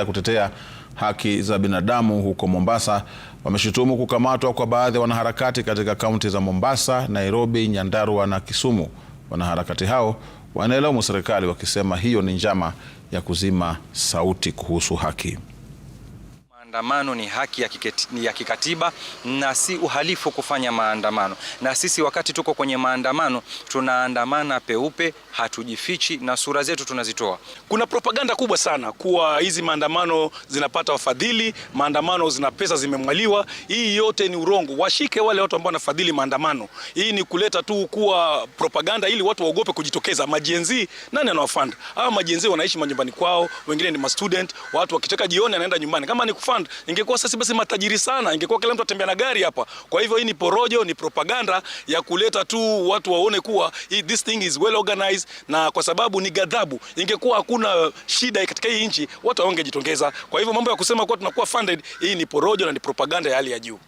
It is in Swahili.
ya kutetea haki za binadamu huko Mombasa wameshutumu kukamatwa kwa baadhi ya wanaharakati katika kaunti za Mombasa, Nairobi, Nyandarua na Kisumu. Wanaharakati hao wanailaumu serikali wakisema hiyo ni njama ya kuzima sauti kuhusu haki. Maandamano ni haki ya, kiketi, ya kikatiba na si uhalifu kufanya maandamano. Na sisi wakati tuko kwenye maandamano tunaandamana peupe, hatujifichi na sura zetu tunazitoa. Kuna propaganda kubwa sana kuwa hizi maandamano zinapata wafadhili, maandamano zina pesa zimemwaliwa. Hii yote ni urongo. Washike wale watu ambao wanafadhili maandamano. Hii ni kuleta tu kuwa propaganda ili watu waogope kujitokeza. Majenzi nani anawafanda? Hawa majenzi wanaishi manyumbani kwao, wengine ni ma student, watu wakitaka jioni anaenda nyumbani. Kama ni kufanda fund, ingekuwa sasa basi matajiri sana, ingekuwa kila mtu atembea na gari hapa. Kwa hivyo hii ni porojo, ni propaganda ya kuleta tu watu waone kuwa hii this thing is well organized, na kwa sababu ni ghadhabu. Ingekuwa hakuna shida katika hii nchi, watu waongejitongeza. Kwa hivyo mambo ya kusema kuwa tunakuwa funded, hii ni porojo na ni propaganda ya hali ya juu.